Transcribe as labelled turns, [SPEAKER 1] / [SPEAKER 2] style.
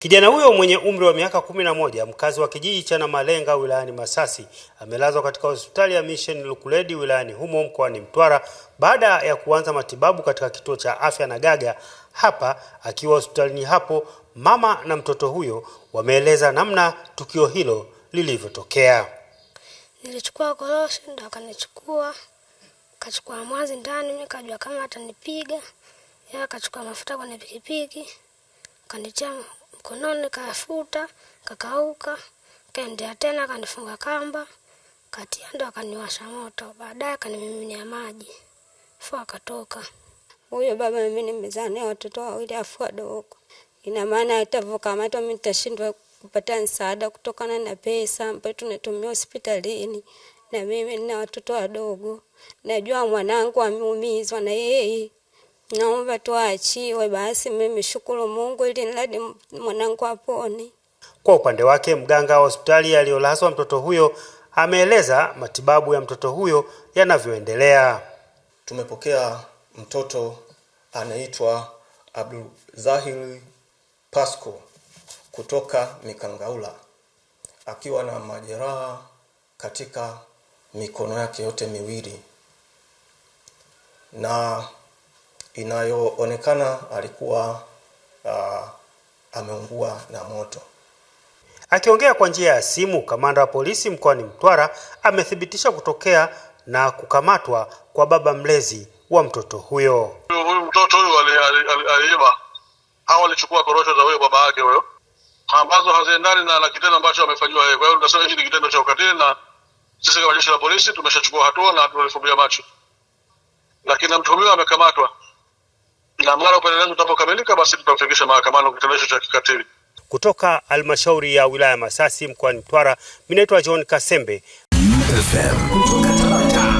[SPEAKER 1] Kijana huyo mwenye umri wa miaka kumi na moja mkazi wa kijiji cha Namalenga wilayani Masasi amelazwa katika hospitali ya Mission Lukuledi wilayani humo mkoani Mtwara baada ya kuanza matibabu katika kituo cha afya Nagaga. Hapa akiwa hospitalini hapo, mama na mtoto huyo wameeleza namna tukio hilo lilivyotokea.
[SPEAKER 2] Nilichukua koroshi ndo akanichukua, kachukua mwanzi ndani, mimi kajua kama atanipiga, yeye akachukua mafuta kwenye pikipiki kanitia mkononi, kayafuta, kakauka. Kaendea tena kanifunga kamba, katia ndo akaniwasha moto, baadaye akanimiminia maji fu akatoka.
[SPEAKER 3] Huyo baba mimi nimezania watoto wawili afu wadogo, ina maana atavokamatwa mimi nitashindwa kupata msaada kutokana na pesa ambayo tunatumia hospitalini, na mimi nina watoto wadogo, najua mwanangu ameumizwa na yeye Naomba tuwaachiwe basi. Mimi shukuru Mungu ili niladi mwanangu apone.
[SPEAKER 1] Kwa upande wake, mganga wa hospitali aliyolazwa mtoto huyo ameeleza matibabu ya mtoto huyo yanavyoendelea.
[SPEAKER 4] Tumepokea mtoto anaitwa Zahir Pasco kutoka Mikangaula akiwa na majeraha katika mikono yake yote miwili na inayoonekana alikuwa uh, ameungua na moto.
[SPEAKER 1] Akiongea kwa njia ya simu, kamanda wa polisi mkoani Mtwara amethibitisha kutokea na kukamatwa kwa baba mlezi wa mtoto huyo.
[SPEAKER 5] Huyu mtoto huyu aliiba hao, alichukua korosho za huyo baba yake huyo ambazo haziendani na, na kitendo ambacho amefanyiwa yeye. Kwa hiyo tunasema hiki ni kitendo cha ukatili, na sisi kama jeshi la polisi tumeshachukua hatua na tunalifumbia macho, lakini mtuhumiwa amekamatwa na mara upelelezi utapokamilika, basi tutamfikisha mahakamani kwa kitendo cha kikatili.
[SPEAKER 1] Kutoka halmashauri ya wilaya Masasi mkoani Mtwara, mimi naitwa John Kasembe FM.